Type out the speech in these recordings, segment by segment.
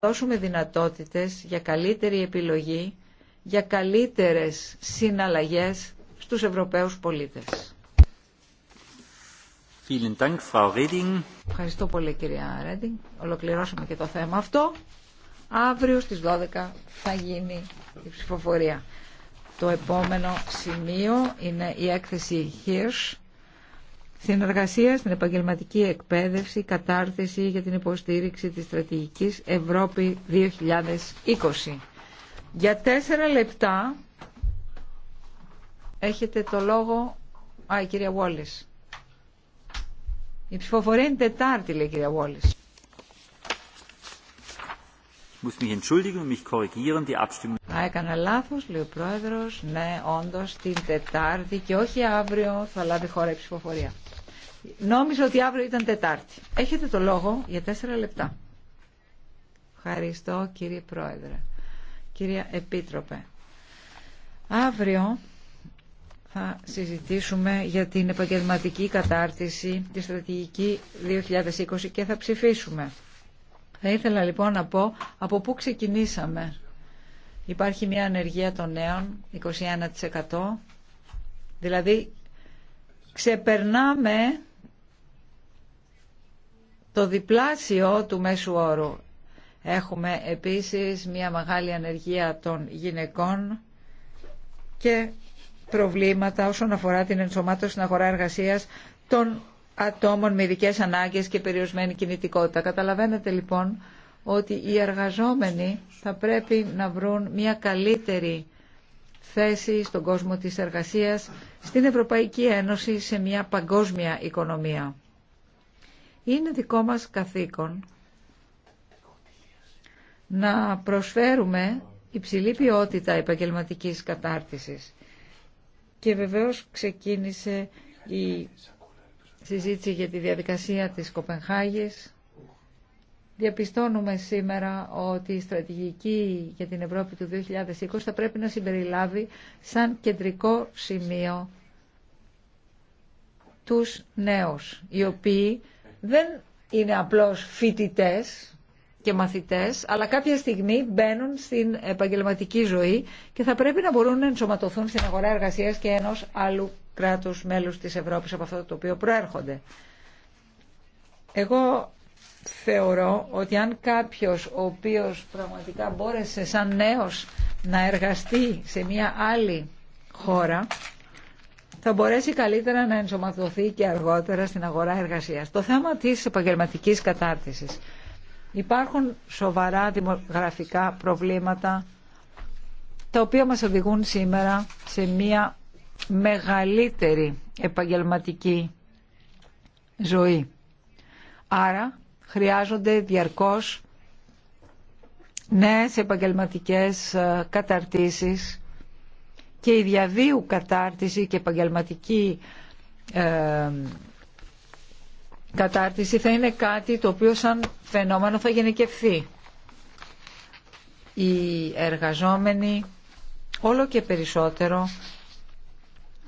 δώσουμε δυνατότητες για καλύτερη επιλογή, για καλύτερες συναλλαγές στους Ευρωπαίους πολίτες. Ευχαριστώ πολύ κυρία Ρέντινγκ. Ολοκληρώσαμε και το θέμα αυτό. Αύριο στις 12 θα γίνει η ψηφοφορία. Το επόμενο σημείο είναι η έκθεση Hirsch. Συνεργασία στην επαγγελματική εκπαίδευση, κατάρτιση για την υποστήριξη της στρατηγικής Ευρώπη 2020. Για τέσσερα λεπτά έχετε το λόγο... Α, η κυρία Βόλης. Η ψηφοφορία είναι Τετάρτη, λέει η κυρία Βόλης. Α, έκανα λάθο, λέει ο Πρόεδρο, Ναι, όντω την Τετάρτη και όχι αύριο θα λάβει χώρα η ψηφοφορία. Νόμιζα ότι αύριο ήταν Τετάρτη. Έχετε το λόγο για τέσσερα λεπτά. Ευχαριστώ, κύριε Πρόεδρε. Κύριε Επίτροπε, αύριο θα συζητήσουμε για την επαγγελματική κατάρτιση, τη στρατηγική 2020 και θα ψηφίσουμε. Θα ήθελα λοιπόν να πω από πού ξεκινήσαμε. Υπάρχει μια ανεργία των νέων, 21%. Δηλαδή ξεπερνάμε το διπλάσιο του μέσου όρου. Έχουμε επίσης μια μεγάλη ανεργία των γυναικών και προβλήματα όσον αφορά την ενσωμάτωση στην αγορά εργασίας των ατόμων με ειδικέ ανάγκες και περιορισμένη κινητικότητα. Καταλαβαίνετε λοιπόν ότι οι εργαζόμενοι θα πρέπει να βρουν μια καλύτερη θέση στον κόσμο της εργασίας στην Ευρωπαϊκή Ένωση σε μια παγκόσμια οικονομία. Είναι δικό μας καθήκον να προσφέρουμε υψηλή ποιότητα επαγγελματικής κατάρτισης. Και βεβαίως ξεκίνησε η συζήτηση για τη διαδικασία της Κοπενχάγης. Διαπιστώνουμε σήμερα ότι η στρατηγική για την Ευρώπη του 2020 θα πρέπει να συμπεριλάβει σαν κεντρικό σημείο τους νέους, οι οποίοι δεν είναι απλώς φοιτητές, και μαθητές, αλλά κάποια στιγμή μπαίνουν στην επαγγελματική ζωή και θα πρέπει να μπορούν να ενσωματωθούν στην αγορά εργασίας και ενός άλλου κράτους μέλους της Ευρώπης από αυτό το οποίο προέρχονται. Εγώ θεωρώ ότι αν κάποιος ο οποίος πραγματικά μπόρεσε σαν νέος να εργαστεί σε μια άλλη χώρα θα μπορέσει καλύτερα να ενσωματωθεί και αργότερα στην αγορά εργασίας. Το θέμα της επαγγελματικής κατάρτισης. Υπάρχουν σοβαρά δημογραφικά προβλήματα τα οποία μας οδηγούν σήμερα σε μια μεγαλύτερη επαγγελματική ζωή. Άρα χρειάζονται διαρκώς νέες επαγγελματικές ε, καταρτήσεις και η διαβίου κατάρτιση και επαγγελματική ε, κατάρτιση θα είναι κάτι το οποίο σαν φαινόμενο θα γενικευθεί. Οι εργαζόμενοι όλο και περισσότερο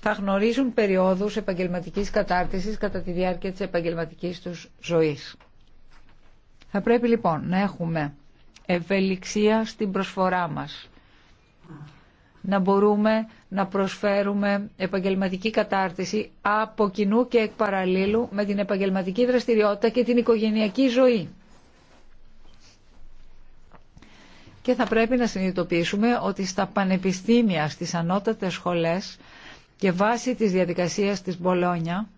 θα γνωρίζουν περιόδους επαγγελματικής κατάρτισης κατά τη διάρκεια της επαγγελματικής τους ζωής. Θα πρέπει λοιπόν να έχουμε ευελιξία στην προσφορά μας να μπορούμε να προσφέρουμε επαγγελματική κατάρτιση από κοινού και εκ παραλίλου με την επαγγελματική δραστηριότητα και την οικογενειακή ζωή. Και θα πρέπει να συνειδητοποιήσουμε ότι στα πανεπιστήμια, στις ανώτατες σχολές και βάσει της διαδικασίας της Μπολόνια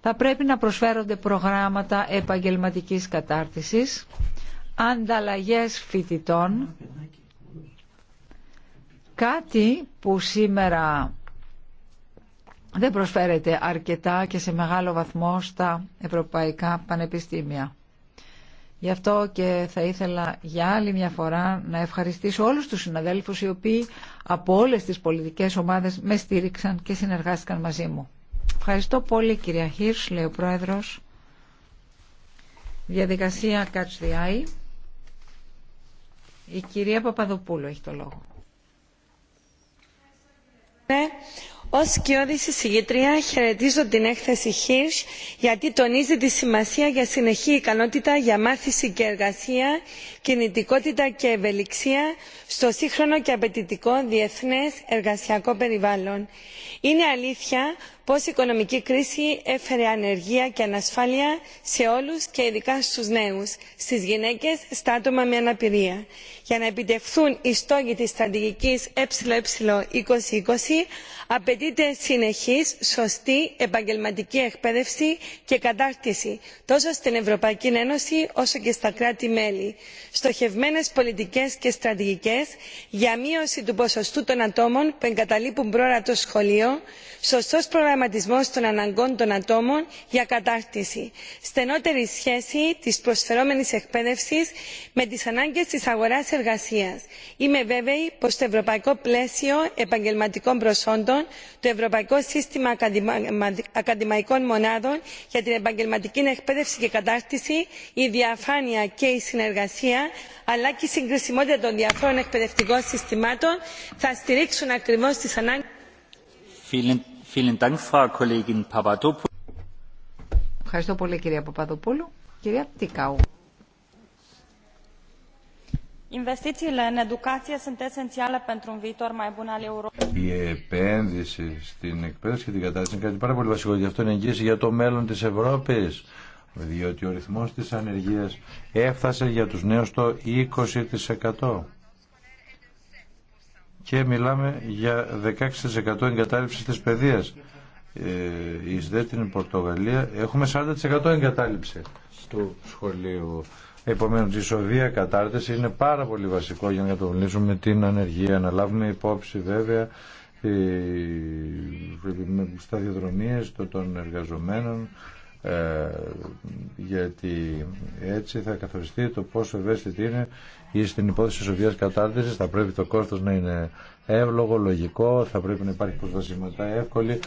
θα πρέπει να προσφέρονται προγράμματα επαγγελματικής κατάρτισης, ανταλλαγές φοιτητών Κάτι που σήμερα δεν προσφέρεται αρκετά και σε μεγάλο βαθμό στα ευρωπαϊκά πανεπιστήμια. Γι' αυτό και θα ήθελα για άλλη μια φορά να ευχαριστήσω όλους τους συναδέλφους οι οποίοι από όλες τις πολιτικές ομάδες με στήριξαν και συνεργάστηκαν μαζί μου. Ευχαριστώ πολύ κυρία Χίρς, λέει ο Πρόεδρος. Διαδικασία Catch the Eye. Η κυρία Παπαδοπούλου έχει το λόγο. Ω σκιώδης εισηγήτρια χαιρετίζω την έκθεση Hirsch γιατί τονίζει τη σημασία για συνεχή ικανότητα για μάθηση και εργασία, κινητικότητα και ευελιξία στο σύγχρονο και απαιτητικό διεθνές εργασιακό περιβάλλον. Είναι αλήθεια Πώ η οικονομική κρίση έφερε ανεργία και ανασφάλεια σε όλου και ειδικά στους νέους στις γυναίκες στα άτομα με αναπηρία. για να επιτευχθούν οι στόχοι τη στρατηγικής εε 2020 απαιτείται συνεχή σωστή επαγγελματική εκπαίδευση και κατάρτιση τόσο στην ευρωπαϊκή ένωση όσο και στα κράτη μέλη στοχευμένε πολιτικέ και στρατηγικέ για μείωση του ποσοστού των ατόμων που εγκαταλείπουν πρόωρα το σχολείο προγραμματισμό των αναγκών των ατόμων για κατάρτιση στενότερη σχέση τη προσφερόμενη εκπαίδευση με τι ανάγκε τη αγορά εργασία. είμαι βέβαιη πω το ευρωπαϊκό πλαίσιο επαγγελματικών προσόντων το ευρωπαϊκό σύστημα ακαδημαϊκών μονάδων για την επαγγελματική εκπαίδευση και κατάρτιση η διαφάνεια και η συνεργασία αλλά και η συγκρισιμότητα των διαφόρων εκπαιδευτικών συστημάτων θα στηρίξουν ακριβώ τι ανάγκε Ευχαριστώ πολύ κυρία Παπαδοπούλου. Κυρία Τικάου. Η επένδυση στην εκπαίδευση και την κατάσταση είναι κάτι πάρα πολύ βασικό. Γι' αυτό είναι εγγύηση για το μέλλον της Ευρώπης. Διότι ο ρυθμός της ανεργίας έφτασε για τους νέους το 20% και μιλάμε για 16% εγκατάλειψη της παιδείας. Ε, εις δε την Πορτογαλία έχουμε 40% εγκατάλειψη του σχολείου. Επομένως η σοβία κατάρτιση είναι πάρα πολύ βασικό για να καταβλήσουμε την ανεργία, να λάβουμε υπόψη βέβαια στα διαδρομίες των εργαζομένων ε, γιατί έτσι θα καθοριστεί το πόσο ευαίσθητη είναι ή στην υπόθεση σοβιάς κατάρτισης θα πρέπει το κόστος να είναι εύλογο, λογικό, θα πρέπει να υπάρχει προσβασιμότητα εύκολη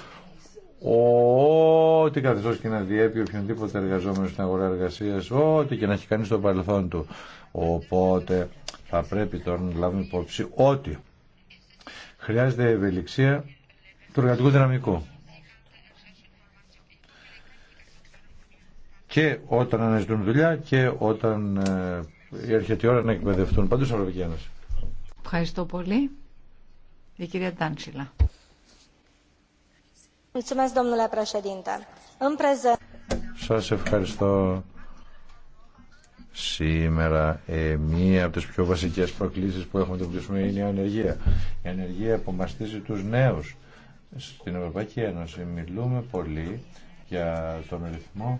ό,τι καθεστώς και να διέπει οποιονδήποτε εργαζόμενο στην αγορά εργασίας ό,τι και να έχει κάνει στο παρελθόν του οπότε θα πρέπει τώρα να λάβουμε υπόψη ότι χρειάζεται ευελιξία του εργατικού δυναμικού και όταν αναζητούν δουλειά και όταν έρχεται η ώρα να εκπαιδευτούν παντού στην Ευρωπαϊκή Ένωση. Ευχαριστώ πολύ. Η κυρία Τάντσιλα. Σας ευχαριστώ. Σήμερα ε, μία από τις πιο βασικές προκλήσεις που έχουμε αντιμετωπίσουμε είναι η ανεργία. Η ανεργία που μαστίζει τους νέους. Στην Ευρωπαϊκή Ένωση μιλούμε πολύ για τον ρυθμό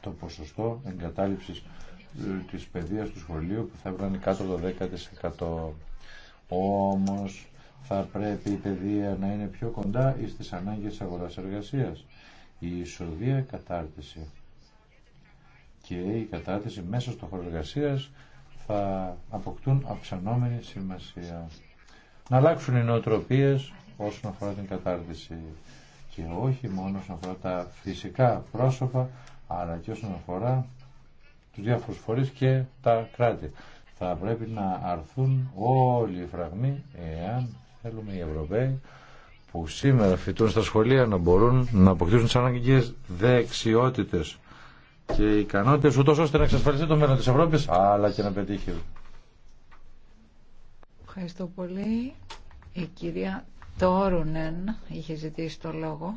το ποσοστό εγκατάλειψης ε, της παιδείας του σχολείου που θα έπρεπε κάτω το 10%. Όμως θα πρέπει η παιδεία να είναι πιο κοντά στις ανάγκες της αγοράς εργασίας. Η ισοδία κατάρτιση και η κατάρτιση μέσα στο χώρο εργασίας θα αποκτούν αυξανόμενη σημασία. Να αλλάξουν οι νοοτροπίες όσον αφορά την κατάρτιση και όχι μόνο όσον αφορά τα φυσικά πρόσωπα αλλά και όσον αφορά τους διάφορους φορείς και τα κράτη. Θα πρέπει να αρθούν όλοι οι φραγμοί εάν θέλουμε οι Ευρωπαίοι που σήμερα φοιτούν στα σχολεία να μπορούν να αποκτήσουν τις αναγκαίες δεξιότητες και ικανότητες ούτως ώστε να εξασφαλιστεί το μέλλον της Ευρώπης αλλά και να πετύχει. Ευχαριστώ πολύ. Η κυρία Τόρουνεν είχε ζητήσει το λόγο.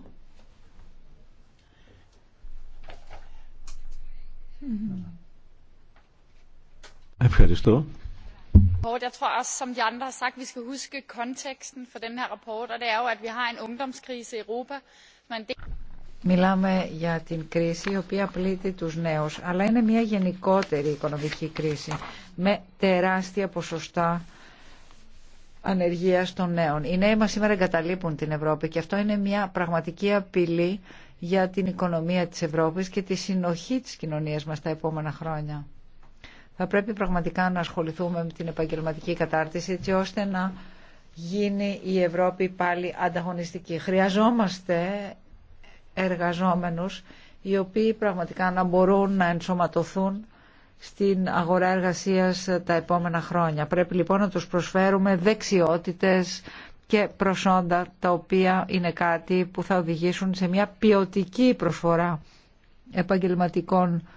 Ευχαριστώ. Μιλάμε για την κρίση η οποία πλήττει τους νέους, αλλά είναι μια γενικότερη οικονομική κρίση με τεράστια ποσοστά ανεργίας των νέων. Οι νέοι μας σήμερα εγκαταλείπουν την Ευρώπη και αυτό είναι μια πραγματική απειλή για την οικονομία της Ευρώπης και τη συνοχή της κοινωνίας μας τα επόμενα χρόνια. Θα πρέπει πραγματικά να ασχοληθούμε με την επαγγελματική κατάρτιση έτσι ώστε να γίνει η Ευρώπη πάλι ανταγωνιστική. Χρειαζόμαστε εργαζόμενους οι οποίοι πραγματικά να μπορούν να ενσωματωθούν στην αγορά εργασίας τα επόμενα χρόνια. Πρέπει λοιπόν να τους προσφέρουμε δεξιότητες, και προσόντα τα οποία είναι κάτι που θα οδηγήσουν σε μια ποιοτική προσφορά επαγγελματικών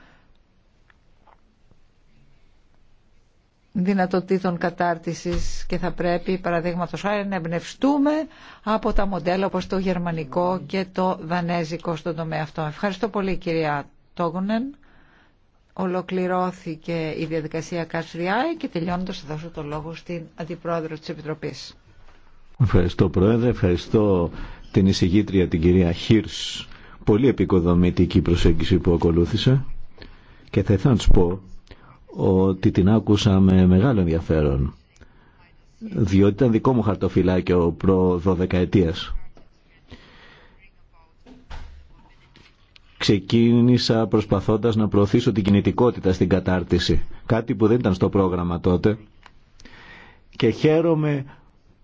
δυνατοτήτων κατάρτισης και θα πρέπει παραδείγματος χάρη να εμπνευστούμε από τα μοντέλα όπως το γερμανικό και το δανέζικο στον τομέα αυτό. Ευχαριστώ πολύ κυρία Τόγουνεν. Ολοκληρώθηκε η διαδικασία Κασριάη και τελειώνοντας θα δώσω το λόγο στην Αντιπρόεδρο Ευχαριστώ Πρόεδρε, ευχαριστώ την εισηγήτρια την κυρία Χίρς. Πολύ επικοδομητική προσέγγιση που ακολούθησε και θα ήθελα να πω ότι την άκουσα με μεγάλο ενδιαφέρον διότι ήταν δικό μου χαρτοφυλάκιο προ 12 ετίας. Ξεκίνησα προσπαθώντας να προωθήσω την κινητικότητα στην κατάρτιση, κάτι που δεν ήταν στο πρόγραμμα τότε και χαίρομαι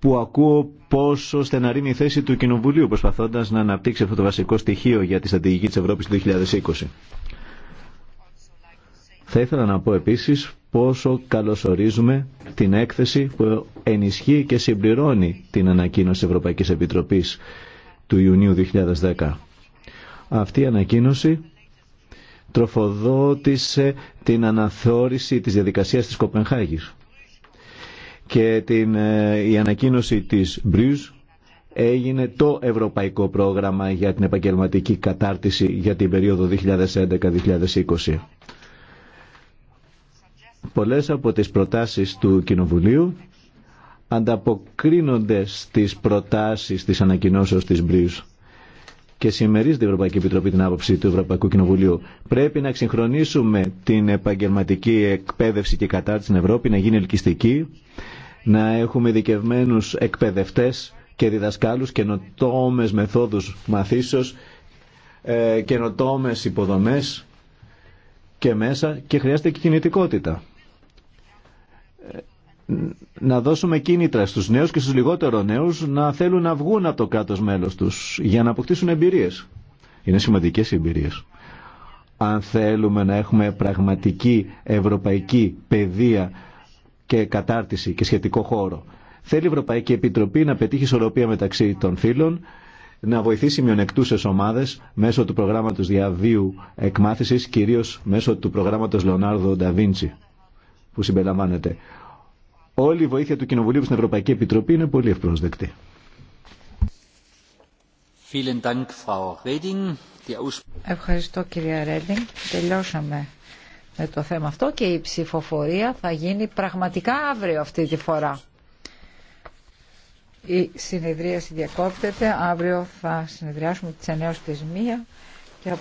που ακούω πόσο στεναρή η θέση του Κοινοβουλίου προσπαθώντας να αναπτύξει αυτό το βασικό στοιχείο για τη στρατηγική της Ευρώπης του 2020. Θα ήθελα να πω επίσης πόσο καλωσορίζουμε την έκθεση που ενισχύει και συμπληρώνει την ανακοίνωση της Ευρωπαϊκής Επιτροπής του Ιουνίου 2010. Αυτή η ανακοίνωση τροφοδότησε την αναθεώρηση της διαδικασίας της Κοπενχάγης και την, ε, η ανακοίνωση της Μπρίζ έγινε το Ευρωπαϊκό Πρόγραμμα για την Επαγγελματική Κατάρτιση για την περίοδο 2011-2020. Πολλές από τις προτάσεις του Κοινοβουλίου ανταποκρίνονται στις προτάσεις της ανακοινώσεως της μπριους και συμμερίζεται η Ευρωπαϊκή Επιτροπή την άποψη του Ευρωπαϊκού Κοινοβουλίου. Πρέπει να ξυγχρονίσουμε την επαγγελματική εκπαίδευση και κατάρτιση στην Ευρώπη, να γίνει ελκυστική να έχουμε ειδικευμένους εκπαιδευτές και διδασκάλους, καινοτόμε μεθόδους μαθήσεως, ε, καινοτόμε υποδομές και μέσα και χρειάζεται και κινητικότητα. Ε, να δώσουμε κίνητρα στους νέους και στους λιγότερο νέους να θέλουν να βγουν από το κάτω μέλος τους για να αποκτήσουν εμπειρίες. Είναι σημαντικές οι εμπειρίες. Αν θέλουμε να έχουμε πραγματική ευρωπαϊκή παιδεία και κατάρτιση και σχετικό χώρο. Θέλει η Ευρωπαϊκή Επιτροπή να πετύχει ισορροπία μεταξύ των φύλων, να βοηθήσει μειονεκτούσε ομάδες μέσω του προγράμματος διαβίου εκμάθησης, κυρίως μέσω του προγράμματος Λεωνάρδο Νταβίντσι που συμπεριλαμβάνεται. Όλη η βοήθεια του Κοινοβουλίου στην Ευρωπαϊκή Επιτροπή είναι πολύ ευπρόσδεκτη. Ευχαριστώ κυρία Ρέντινγκ. Τελειώσαμε με το θέμα αυτό και η ψηφοφορία θα γίνει πραγματικά αύριο αυτή τη φορά. Η συνεδρίαση διακόπτεται. Αύριο θα συνεδριάσουμε τις 9 στις 1.